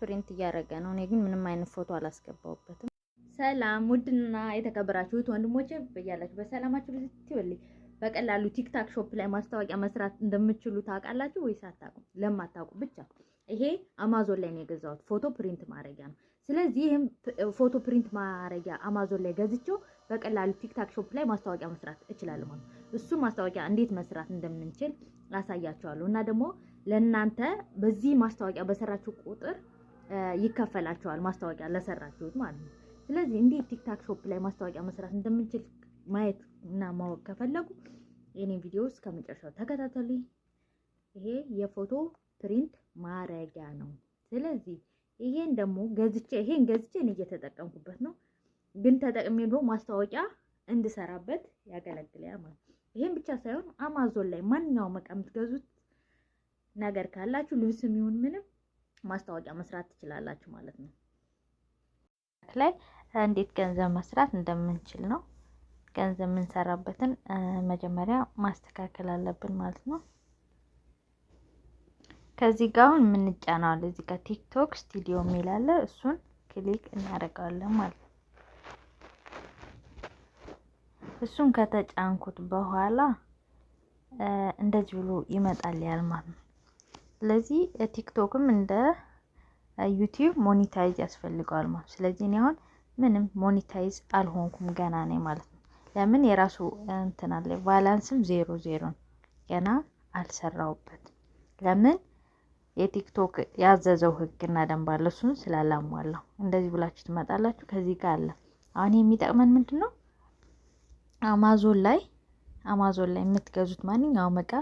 ፕሪንት እያደረገ ነው። እኔ ግን ምንም አይነት ፎቶ አላስገባውበትም። ሰላም ውድና የተከበራችሁት ወንድሞቼ በያላችሁ በሰላማችሁ ብዙ በቀላሉ ቲክታክ ሾፕ ላይ ማስታወቂያ መስራት እንደምችሉ ታውቃላችሁ ወይስ አታውቁም? ለማታውቁ ብቻ ይሄ አማዞን ላይ ነው የገዛሁት ፎቶ ፕሪንት ማድረጊያ ነው። ስለዚህ ይህም ፎቶ ፕሪንት ማድረጊያ አማዞን ላይ ገዝቼው በቀላሉ ቲክታክ ሾፕ ላይ ማስታወቂያ መስራት እችላለሁ ማለት ነው። እሱ ማስታወቂያ እንዴት መስራት እንደምንችል አሳያችኋለሁ እና ደግሞ ለእናንተ በዚህ ማስታወቂያ በሰራችሁ ቁጥር ይከፈላቸዋል፣ ማስታወቂያ ለሰራችሁት ማለት ነው። ስለዚህ እንዴት ቲክታክ ሾፕ ላይ ማስታወቂያ መስራት እንደምንችል ማየት እና ማወቅ ከፈለጉ የኔ ቪዲዮ እስከ መጨረሻው ተከታተሉኝ። ይሄ የፎቶ ፕሪንት ማረጊያ ነው። ስለዚህ ይሄን ደግሞ ገዝቼ ይሄን ገዝቼ እኔ እየተጠቀምኩበት ነው፣ ግን ተጠቅሜ ደግሞ ማስታወቂያ እንድሰራበት ያገለግላል ማለት ነው። ይሄን ብቻ ሳይሆን አማዞን ላይ ማንኛውም እቃ የምትገዙት ነገር ካላችሁ ልብስም ይሁን ምንም ማስታወቂያ መስራት ትችላላችሁ ማለት ነው። ላይ እንዴት ገንዘብ መስራት እንደምንችል ነው። ገንዘብ የምንሰራበትን መጀመሪያ ማስተካከል አለብን ማለት ነው። ከዚህ ጋር አሁን የምንጫነዋል እዚህ ጋር ቲክቶክ ስቱዲዮ የሚል አለ። እሱን ክሊክ እናደርጋለን ማለት ነው። እሱን ከተጫንኩት በኋላ እንደዚህ ብሎ ይመጣል ያል ማለት ነው። ስለዚህ ቲክቶክም እንደ ዩቲዩብ ሞኒታይዝ ያስፈልገዋል ማለት ነው። ስለዚህ እኔ አሁን ምንም ሞኒታይዝ አልሆንኩም ገና ነኝ ማለት ነው። ለምን የራሱ እንትን አለ ቫላንስም ዜሮ ዜሮ ገና አልሰራሁበትም። ለምን የቲክቶክ ያዘዘው ህግና ደንብ አለ። እሱን ስላላሟላው እንደዚህ ብላችሁ ትመጣላችሁ። ከዚህ ጋር አለ አሁን የሚጠቅመን ምንድን ነው? አማዞን ላይ አማዞን ላይ የምትገዙት ማንኛውም እቃ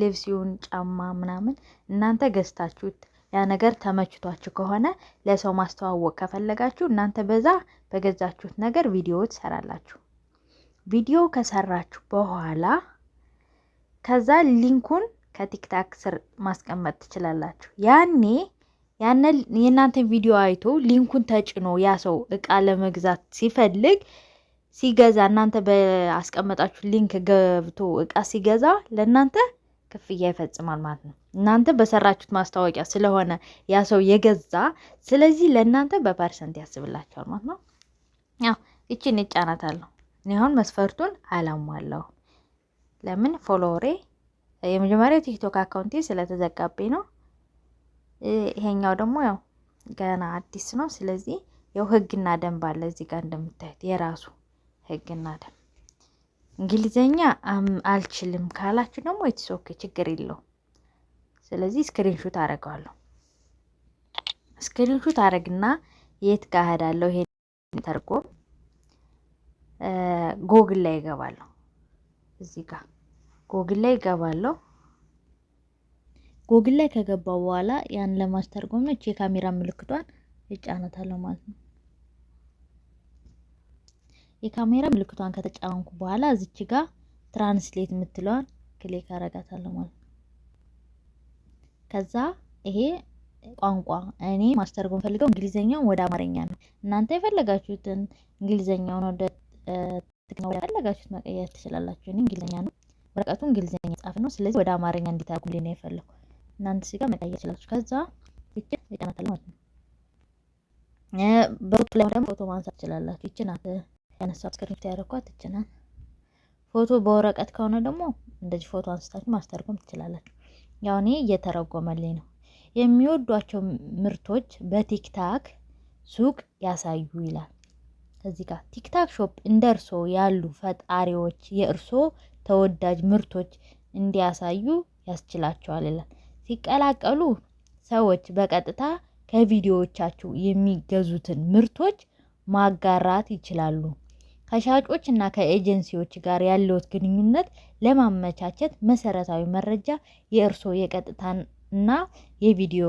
ልብስ ይሁን ጫማ ምናምን እናንተ ገዝታችሁት ያ ነገር ተመችቷችሁ ከሆነ ለሰው ማስተዋወቅ ከፈለጋችሁ እናንተ በዛ በገዛችሁት ነገር ቪዲዮ ትሰራላችሁ። ቪዲዮ ከሰራችሁ በኋላ ከዛ ሊንኩን ከቲክታክ ስር ማስቀመጥ ትችላላችሁ። ያኔ ያንን የእናንተን ቪዲዮ አይቶ ሊንኩን ተጭኖ ያ ሰው እቃ ለመግዛት ሲፈልግ ሲገዛ እናንተ በአስቀመጣችሁ ሊንክ ገብቶ እቃ ሲገዛ ለእናንተ ክፍያ ይፈጽማል ማለት ነው። እናንተ በሰራችሁት ማስታወቂያ ስለሆነ ያ ሰው የገዛ ስለዚህ ለእናንተ በፐርሰንት ያስብላቸዋል ማለት ነው። ያው እቺን ይጫናታለሁ። እኔ አሁን መስፈርቱን አላሟለሁ። ለምን ፎሎወሬ የመጀመሪያው ቲክቶክ አካውንቴ ስለተዘጋቤ ነው። ይሄኛው ደግሞ ያው ገና አዲስ ነው። ስለዚህ ያው ህግና ደንብ አለ እዚህ ጋር እንደምታዩት የራሱ ህግና ደንብ። እንግሊዘኛ አልችልም ካላችሁ ደግሞ ኢትስ ኦኬ ችግር የለው። ስለዚህ ስክሪንሹት አረገዋለሁ። ስክሪንሹት አረግና የት ጋር እሄዳለሁ? ይሄን ተርጎም ጎግል ላይ እገባለሁ። እዚህ ጋር ጎግል ላይ እገባለሁ። ጎግል ላይ ከገባው በኋላ ያን ለማስተርጎም የካሜራ ምልክቷን እጫነታለሁ ማለት ነው። የካሜራ ምልክቷን ከተጫንኩ በኋላ እዚች ጋ ትራንስሌት የምትለዋን ክሊክ አረጋታለሁ ማለት ነው። ከዛ ይሄ ቋንቋ እኔ ማስተርጎም ፈልገው እንግሊዘኛውን ወደ አማርኛ ነው። እናንተ የፈለጋችሁትን እንግሊዘኛውን ወደ ፈለጋችሁት መቀየር ትችላላችሁ። እኔ እንግሊዘኛ ነው፣ ወረቀቱ እንግሊዘኛ ጻፍ ነው። ስለዚህ ወደ አማርኛ እንዲተረጉምልኝ ነው የፈለኩ። እናንተ ሲጋ መቀየር ትችላላችሁ። ከዛ ይችን የጫናታለ ማለት ነው። በሩቱ ላይ ደግሞ ፎቶ ማንሳት ትችላላችሁ። ይችን አት ያነሳት ስክሪፕት ያደረኳት ይችናል። ፎቶ በወረቀት ከሆነ ደግሞ እንደዚህ ፎቶ አንስታችሁ ማስተርጎም ትችላላችሁ። ያው እኔ እየተረጎመልኝ ነው። የሚወዷቸው ምርቶች በቲክታክ ሱቅ ያሳዩ ይላል። እዚህ ጋር ቲክታክ ሾፕ እንደ እርሶ ያሉ ፈጣሪዎች የእርሶ ተወዳጅ ምርቶች እንዲያሳዩ ያስችላቸዋል ይላል። ሲቀላቀሉ ሰዎች በቀጥታ ከቪዲዮዎቻችሁ የሚገዙትን ምርቶች ማጋራት ይችላሉ። ከሻጮች እና ከኤጀንሲዎች ጋር ያለውት ግንኙነት ለማመቻቸት መሰረታዊ መረጃ የእርስዎ የቀጥታ እና የቪዲዮ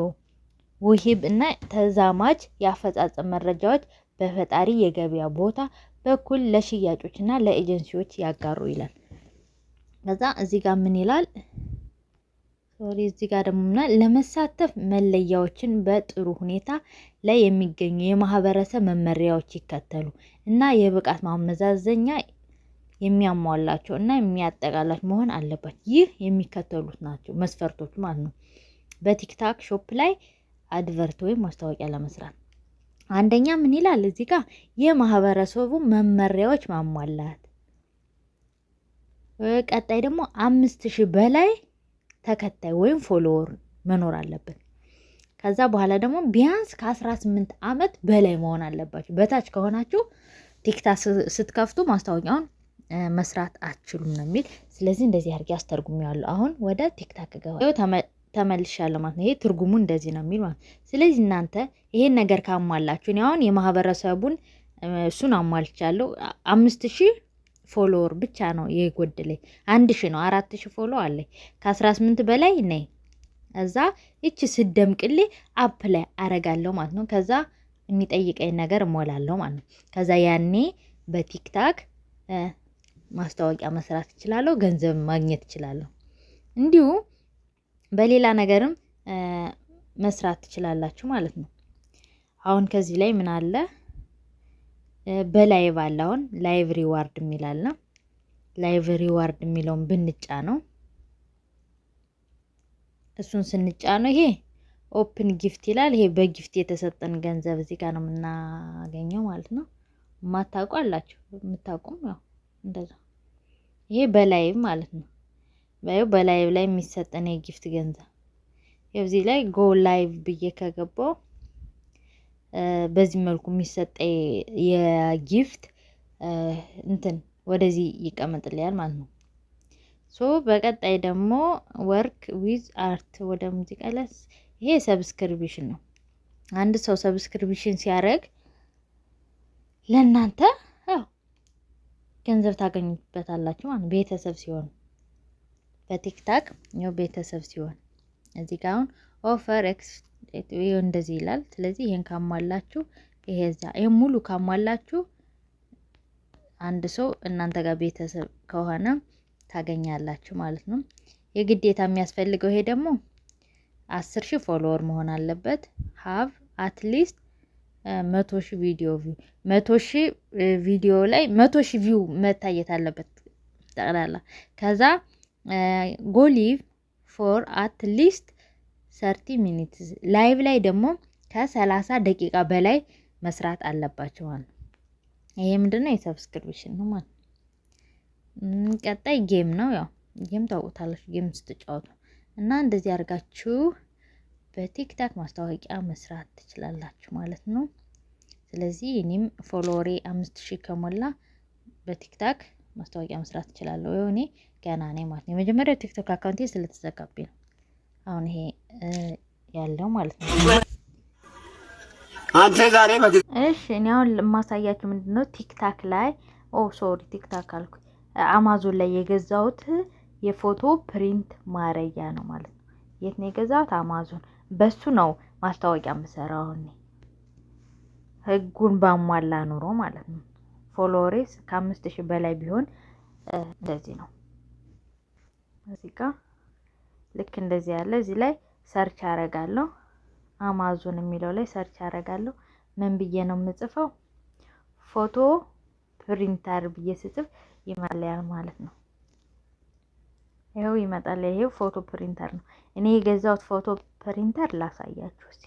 ውሂብ እና ተዛማጅ የአፈጻጸም መረጃዎች በፈጣሪ የገበያ ቦታ በኩል ለሽያጮች እና ለኤጀንሲዎች ያጋሩ ይላል። ከዛ እዚህ ጋር ምን ይላል? ሶሪ እዚህ ጋር ደግሞ ምናል ለመሳተፍ መለያዎችን በጥሩ ሁኔታ ላይ የሚገኙ የማህበረሰብ መመሪያዎች ይከተሉ እና የብቃት ማመዛዘኛ የሚያሟላቸው እና የሚያጠቃላቸው መሆን አለባቸው። ይህ የሚከተሉት ናቸው መስፈርቶች ማለት ነው። በቲክታክ ሾፕ ላይ አድቨርት ወይም ማስታወቂያ ለመስራት አንደኛ ምን ይላል እዚህ ጋር የማህበረሰቡ መመሪያዎች ማሟላት። ቀጣይ ደግሞ አምስት ሺህ በላይ ተከታይ ወይም ፎሎወር መኖር አለብን። ከዛ በኋላ ደግሞ ቢያንስ ከ18 ዓመት በላይ መሆን አለባችሁ። በታች ከሆናችሁ ቲክታ ስትከፍቱ ማስታወቂያውን መስራት አችሉም ነው የሚል። ስለዚህ እንደዚህ አድርጌ አስተርጉሜዋለሁ። አሁን ወደ ቲክታክ ገባ ተመልሻለሁ ማለት ነው። ይሄ ትርጉሙ እንደዚህ ነው የሚል ማለት ነው። ስለዚህ እናንተ ይሄን ነገር ካሟላችሁ እኔ አሁን የማህበረሰቡን እሱን አሟልቻለሁ አምስት ሺህ ፎሎወር ብቻ ነው የጎደለኝ። አንድ ሺ ነው አራት ሺ ፎሎ አለኝ ከአስራ ስምንት በላይ ነኝ። እዛ እቺ ስደምቅልኝ አፕ ላይ አረጋለሁ ማለት ነው። ከዛ የሚጠይቀኝ ነገር እሞላለሁ ማለት ነው። ከዛ ያኔ በቲክታክ ማስታወቂያ መስራት እችላለሁ፣ ገንዘብ ማግኘት እችላለሁ። እንዲሁ በሌላ ነገርም መስራት ትችላላችሁ ማለት ነው። አሁን ከዚህ ላይ ምን አለ? በላይቭ አለ። አሁን ላይቭ ሪዋርድ የሚላል ነው። ላይቭ ሪዋርድ የሚለውን ብንጫ ነው እሱን ስንጫ ነው ይሄ ኦፕን ጊፍት ይላል። ይሄ በጊፍት የተሰጠን ገንዘብ እዚህ ጋር ነው የምናገኘው ማለት ነው። የማታውቁ አላችሁ የምታውቁም ያው እንደዛ። ይሄ በላይቭ ማለት ነው። በላይቭ ላይ የሚሰጠን የጊፍት ገንዘብ እዚህ ላይ ጎ ላይቭ ብዬ ከገባው በዚህ መልኩ የሚሰጠ የጊፍት እንትን ወደዚህ ይቀመጥልያል ማለት ነው። ሶ በቀጣይ ደግሞ ወርክ ዊዝ አርት ወደ ሙዚቃ ለስ ይሄ ሰብስክሪፕሽን ነው። አንድ ሰው ሰብስክሪፕሽን ሲያደርግ ለእናንተ ያው ገንዘብ ታገኙበታላችሁ ማለት ቤተሰብ ሲሆን በቲክታክ ያው ቤተሰብ ሲሆን እዚህ ጋር አሁን ኦፈር ኤክስ እንደዚህ ይላል። ስለዚህ ይሄን ካሟላችሁ እዛ ይሄን ሙሉ ካሟላችሁ አንድ ሰው እናንተ ጋር ቤተሰብ ከሆነ ታገኛላችሁ ማለት ነው። የግዴታ የሚያስፈልገው ይሄ ደግሞ አስር ሺህ ፎሎወር መሆን አለበት። ሀቭ አትሊስት መቶ ሺህ ቪዲዮ ቪው መቶ ሺህ ቪዲዮ ላይ መቶ ሺህ ቪው መታየት አለበት ጠቅላላ። ከዛ ጎሊቭ ፎር አትሊስት ሰርቲ ሚኒትስ ላይቭ ላይ ደግሞ ከሰላሳ ደቂቃ በላይ መስራት ነው። ይሄ ምንድነው የሰብስክሪፕሽን ነው ማለት። ቀጣይ ጌም ነው ያው ጌም ታውቁታላችሁ፣ ጌም ስትጫወቱ እና እንደዚህ አድርጋችሁ በቲክታክ ማስታወቂያ መስራት ትችላላችሁ ማለት ነው። ስለዚህ እኔም ፎሎወሬ አምስት ሺህ ከሞላ በቲክታክ ማስታወቂያ መስራት እችላለሁ። ወይ እኔ ገና ነኝ ማለት ነው። የመጀመሪያው ቲክቶክ አካውንቴ ስለተዘጋብኝ ነው። አሁን ይሄ ያለው ማለት ነው። እሺ እኔ አሁን የማሳያችሁ ምንድነው ቲክታክ ላይ ኦ ሶሪ ቲክታክ አልኩ፣ አማዞን ላይ የገዛሁት የፎቶ ፕሪንት ማረያ ነው ማለት ነው። የት ነው የገዛሁት? አማዞን። በሱ ነው ማስታወቂያ የምሰራው እኔ ህጉን ባሟላ ኑሮ ማለት ነው። ፎሎሬስ ከአምስት ሺህ በላይ ቢሆን እንደዚህ ነው። እዚህ ጋ ልክ እንደዚህ ያለ እዚህ ላይ ሰርች አረጋለሁ። አማዞን የሚለው ላይ ሰርች አረጋለሁ። ምን ብዬ ነው የምጽፈው? ፎቶ ፕሪንተር ብዬ ስጽፍ ይመለያል ማለት ነው። ይኸው ይመጣል። ይሄው ፎቶ ፕሪንተር ነው። እኔ የገዛሁት ፎቶ ፕሪንተር ላሳያችሁ እስኪ።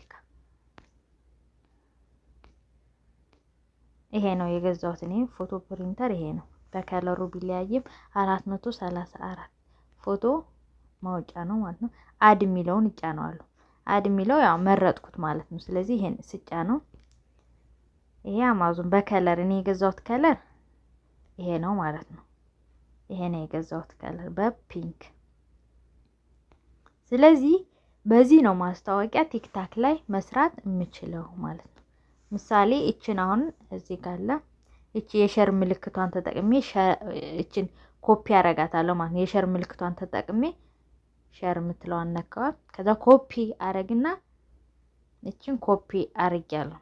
ይሄ ነው የገዛሁት እኔ ፎቶ ፕሪንተር ይሄ ነው። በከለሩ ቢለያይም አራት መቶ ሰላሳ አራት ፎቶ ማወቂያ ነው ማለት ነው። አድ የሚለውን እጫነዋለሁ። አድ የሚለው ያው መረጥኩት ማለት ነው። ስለዚህ ይሄን ስጫ ነው ይሄ አማዞን በከለር እኔ የገዛሁት ከለር ይሄ ነው ማለት ነው። ይሄ ነው የገዛሁት ከለር በፒንክ። ስለዚህ በዚህ ነው ማስታወቂያ ቲክታክ ላይ መስራት የምችለው ማለት ነው። ምሳሌ እችን አሁን እዚህ ጋር እቺ የሸር ምልክቷን ተጠቅሜ እችን ኮፒ አረጋታለሁ ማለት ነው። የሸር ምልክቷን ተጠቅሜ ሸር የምትለው ነካዋት። ከዛ ኮፒ አረግና እችን ኮፒ አርጊያለሁ።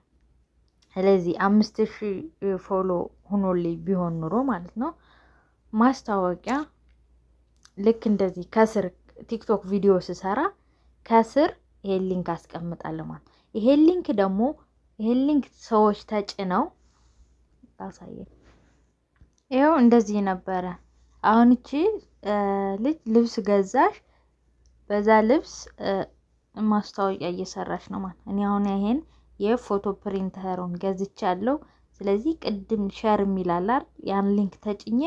ስለዚህ አምስት ሺህ ፎሎ ሁኖልኝ ቢሆን ኑሮ ማለት ነው ማስታወቂያ ልክ እንደዚህ ከስር ቲክቶክ ቪዲዮ ስሰራ ከስር ይሄን ሊንክ አስቀምጣለሁ ማለት ነው። ይሄን ሊንክ ደግሞ ይሄን ሊንክ ሰዎች ተጭነው ታሳየ። ይኸው እንደዚህ ነበረ። አሁን እቺ ልጅ ልብስ ገዛሽ በዛ ልብስ ማስታወቂያ እየሰራች ነው ማለት እኔ አሁን ይሄን የፎቶ ፕሪንተሩን ገዝቻለሁ። ስለዚህ ቅድም ሸር የሚላላር ያን ሊንክ ተጭኜ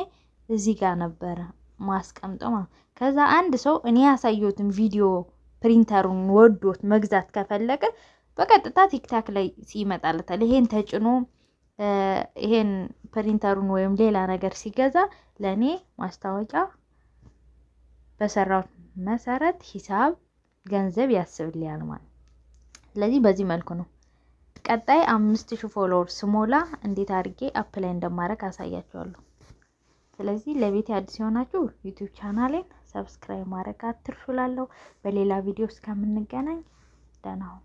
እዚህ ጋር ነበረ ማስቀምጠው ማለት ከዛ አንድ ሰው እኔ ያሳየሁትን ቪዲዮ ፕሪንተሩን ወዶት መግዛት ከፈለገ በቀጥታ ቲክታክ ላይ ይመጣለታል። ይሄን ተጭኖ ይሄን ፕሪንተሩን ወይም ሌላ ነገር ሲገዛ ለእኔ ማስታወቂያ በሰራሁት መሰረት ሂሳብ ገንዘብ ያስብልኛል ማለት ስለዚህ በዚህ መልኩ ነው። ቀጣይ አምስት ሺ ፎሎወር ስሞላ እንዴት አድርጌ አፕ ላይ እንደማድረግ አሳያችኋለሁ። ስለዚህ ለቤት አዲስ የሆናችሁ ዩቱብ ቻናሌን ሰብስክራይብ ማድረግ አትርሹላለሁ። በሌላ ቪዲዮ እስከምንገናኝ ደህና ሁኑ።